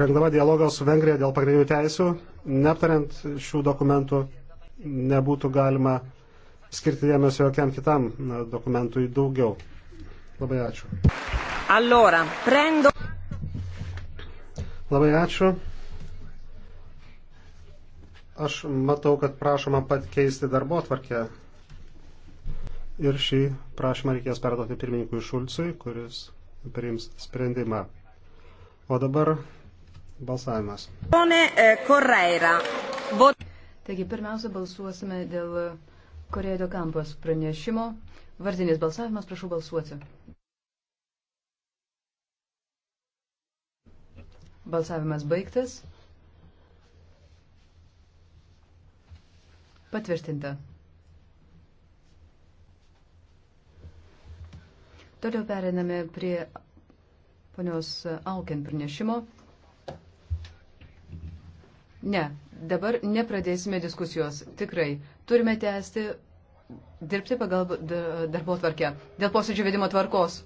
rengdama dialogą su Vengrija dėl pagrindinių teisų, neaptariant šių dokumentų, nebūtų galima skirti dėmesio jokiam kitam dokumentui daugiau. Labai ačiū. Allora, prendo... Labai ačiū. Aš matau, kad prašoma pat keisti darbo atvarkę. Ir šį prašymą reikės perduoti pirmininkui Šulcui, kuris priims sprendimą. O dabar balsavimas. Pone Koreira. E, Taigi pirmiausia balsuosime dėl Korėjo kampos pranešimo. Vardinis balsavimas, prašau balsuoti. Balsavimas baigtas. Patvirtinta. Toliau periname prie ponios Alken pranešimo. Ne, dabar nepradėsime diskusijos. Tikrai turime tęsti dirbti pagal darbo tvarkę. Dėl posėdžio vedimo tvarkos.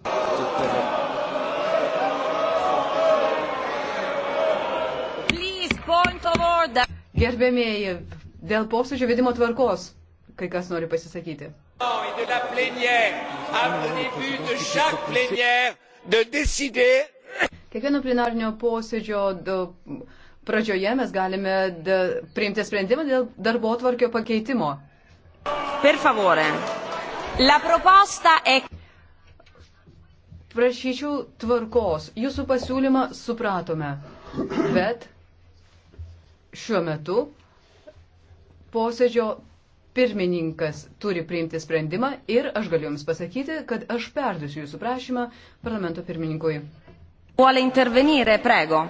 Gerbėmėjai, dėl posėdžio vedimo tvarkos, kai kas nori pasisakyti. Non, et de la plénière, à début de chaque plénière, Kiekvieno plenarnio posėdžio pradžioje mes galime priimti sprendimą dėl darbo tvarkio pakeitimo. Per favore. La proposta è. Prašyčiau tvarkos. Jūsų pasiūlymą supratome. Bet šiuo metu posėdžio pirmininkas turi priimti sprendimą ir aš galiu Jums pasakyti, kad aš perdusiu Jūsų prašymą parlamento pirmininkui. Vuole intervenire, prego.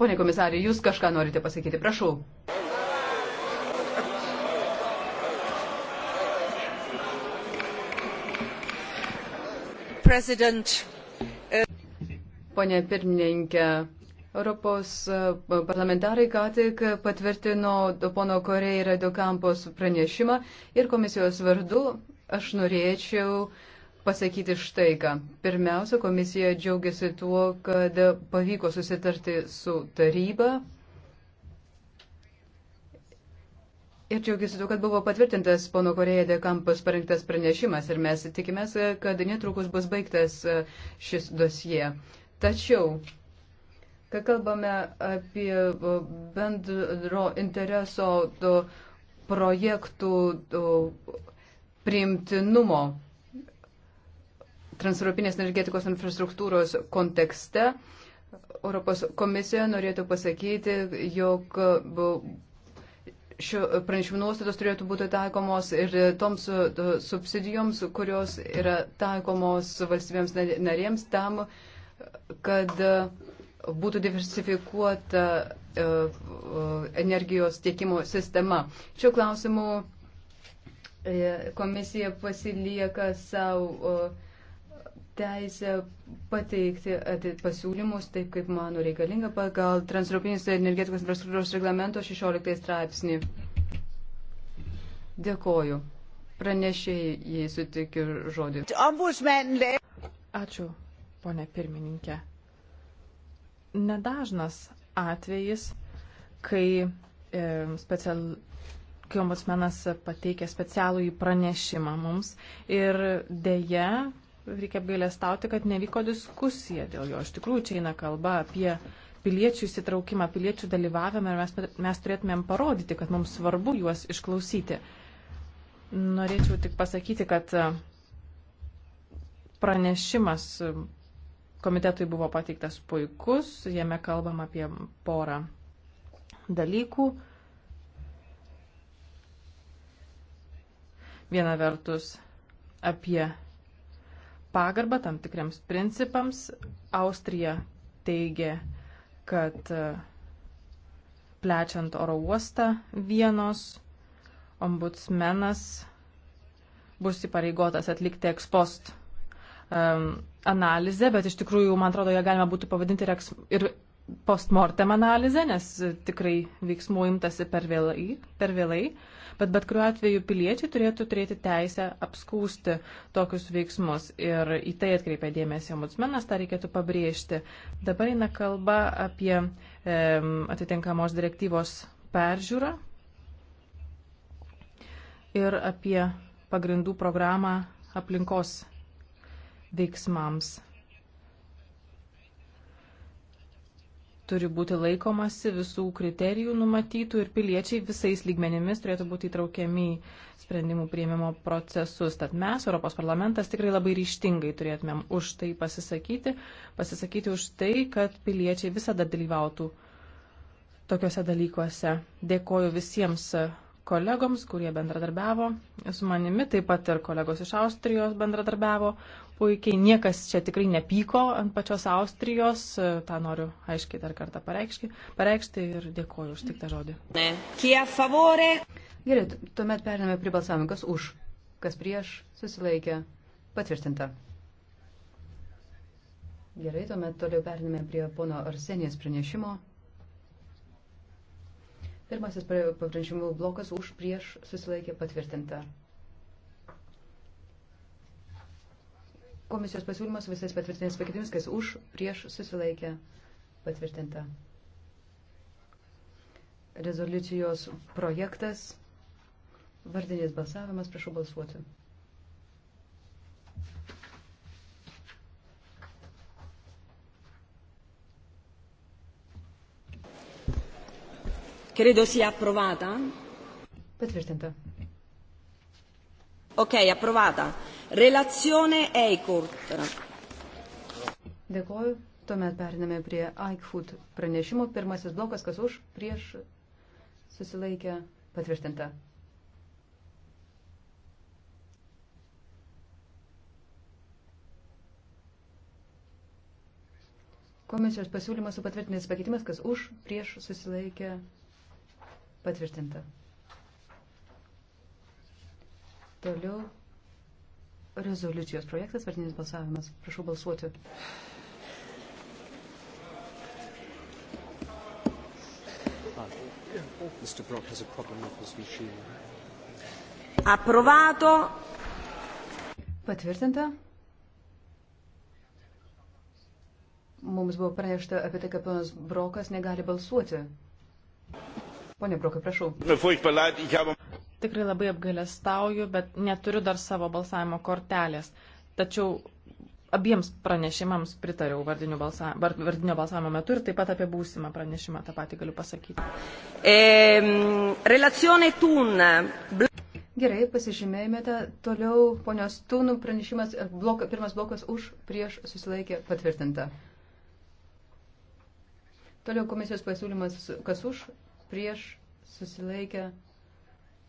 Pone komisarė, Jūs kažką norite pasakyti, prašau. President. Pone pirmininkė, Europos e, parlamentarai ką tik patvirtino pono Koreira Dokampos pranešimą ir komisijos vardu aš norėčiau pasakyti štai ką. Pirmiausia, komisija džiaugiasi tuo, kad pavyko susitarti su taryba Ir džiaugiuosi tuo, kad buvo patvirtintas pono Korėja Dekampas parinktas pranešimas ir mes tikimės, kad netrukus bus baigtas e, šis dosie. Tačiau Kai kalbame apie bendro intereso projektų priimtinumo transeuropinės energetikos infrastruktūros kontekste, Europos komisija norėtų pasakyti, jog šio pranešimų nuostatos turėtų būti taikomos ir toms subsidijoms, kurios yra taikomos valstybėms narėms tam, kad būtų diversifikuota e, e, energijos tiekimo sistema. Šiuo klausimu e, komisija pasilieka savo teisę pateikti pasiūlymus taip, kaip mano reikalinga pagal Transeuropinis energetikos infrastruktūros reglamento 16 straipsnį. Dėkoju. Pranešėjai, jei sutikiu žodį. Ačiū, ponė pirmininkė nedažnas atvejis, kai e, special, kai ombudsmenas pateikė specialų į pranešimą mums ir dėje reikia apgailestauti, kad nevyko diskusija dėl jo. Iš tikrųjų, čia eina kalba apie piliečių įsitraukimą, piliečių dalyvavimą ir mes, mes turėtumėm parodyti, kad mums svarbu juos išklausyti. Norėčiau tik pasakyti, kad pranešimas Komitetui buvo pateiktas puikus, jame kalbam apie porą dalykų. Viena vertus apie pagarbą tam tikriams principams. Austrija teigia, kad e, plečiant oro uostą vienos, ombudsmenas bus įpareigotas atlikti ekspost um, analizę, bet iš tikrųjų, man atrodo, ją galima būtų pavadinti ir postmortem analizę, nes tikrai veiksmų imtasi per vėlai, per vėlai. Bet bet kuriuo atveju piliečiai turėtų turėti teisę apskūsti tokius veiksmus ir į tai atkreipia dėmesį ombudsmenas, tą reikėtų pabrėžti. Dabar eina kalba apie e, atitinkamos direktyvos peržiūrą ir apie pagrindų programą aplinkos veiksmams. Turi būti laikomasi visų kriterijų numatytų ir piliečiai visais lygmenimis turėtų būti įtraukiami į sprendimų prieimimo procesus. Tad mes, Europos parlamentas, tikrai labai ryštingai turėtumėm už tai pasisakyti, pasisakyti už tai, kad piliečiai visada dalyvautų tokiuose dalykuose. Dėkoju visiems kolegoms, kurie bendradarbiavo su manimi, taip pat ir kolegos iš Austrijos bendradarbiavo puikiai. Niekas čia tikrai nepyko ant pačios Austrijos, tą noriu aiškiai dar kartą pareikšti, pareikšti ir dėkoju už tik tą žodį. Gerai, tuomet periname prie balsavimo, kas už, kas prieš, susilaikė, patvirtinta. Gerai, tuomet toliau periname prie pono Arsenijos pranešimo. Pirmasis pranešimų blokas už prieš susilaikė patvirtinta. Komisijos pasiūlymas visais patvirtinės pakeitimis, kas už prieš susilaikė patvirtinta. Rezoliucijos projektas, vardinis balsavimas, prašau balsuoti. Credo sia approvata. Patvirtinta. Ok, approvata. Relazione Eikurt. Dėkoju. Tuomet periname prie Aikfood pranešimo. Pirmasis blokas, kas už, prieš, susilaikė, patvirtinta. Komisijos pasiūlymas su patvirtinės pakeitimas, kas už, prieš, susilaikė, Patvirtinta. Toliau rezoliucijos projektas, vardinis balsavimas. Prašau balsuoti. Approvato. Patvirtinta. Mums buvo pranešta apie tai, kad ponas Brokas negali balsuoti. Pone Brokai, prašau. Tikrai labai apgailestauju, bet neturiu dar savo balsavimo kortelės. Tačiau abiems pranešimams pritariau vardinio, balsa, vardinio balsavimo metu ir taip pat apie būsimą pranešimą tą patį galiu pasakyti. E, ehm, relacione Tun. Gerai, pasižymėjome. Toliau ponios Tūnų pranešimas, e, blok, pirmas blokas už, prieš susilaikė patvirtinta. Toliau komisijos pasiūlymas, kas už, prieš susilaikę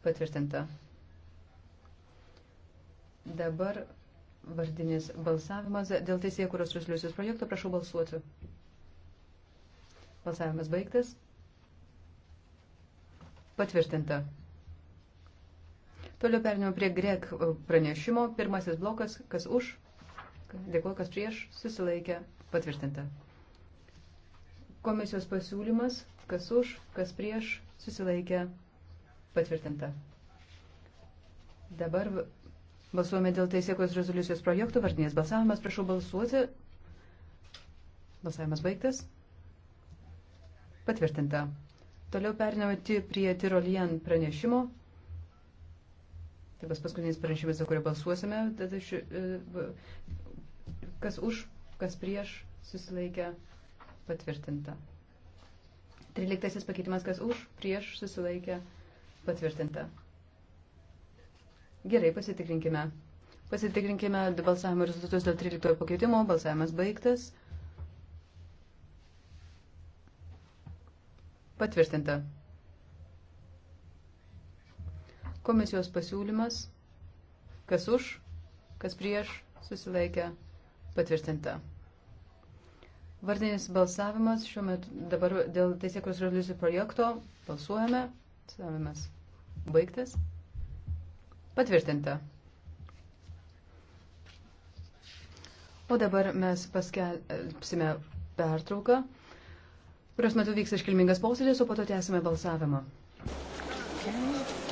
patvirtinta. Dabar vardinis balsavimas dėl teisėkuros rezoliucijos projekto. Prašau balsuoti. Balsavimas baigtas. Patvirtinta. Toliau perėmėme prie grek pranešimo. Pirmasis blokas, kas už, dėkuoju, kas prieš, susilaikė, patvirtinta. Komisijos pasiūlymas, kas už, kas prieš, susilaikė patvirtinta. Dabar balsuojame dėl teisėkos rezoliucijos projektų. Vardinės balsavimas, prašau balsuoti. Balsavimas baigtas. Patvirtinta. Toliau perinamati prie Tirolien pranešimo. Tai bus paskutinis pranešimas, dėl kurio balsuosime. Ši, e, kas už, kas prieš, susilaikė patvirtinta. 13 pakeitimas, kas už, prieš, susilaikė, patvirtinta. Gerai, pasitikrinkime. Pasitikrinkime balsavimo rezultatus dėl 13 pakeitimo. Balsavimas baigtas. Patvirtinta. Komisijos pasiūlymas. Kas už, kas prieš, susilaikė, patvirtinta. Vardinis balsavimas šiuo metu dabar dėl teisėkos rezoliucijų projekto balsuojame. Savimas baigtas. Patvirtinta. O dabar mes paskelbsime pertrauką, kurios metu vyks iškilmingas posėdis, o po to tęsime balsavimą. Okay.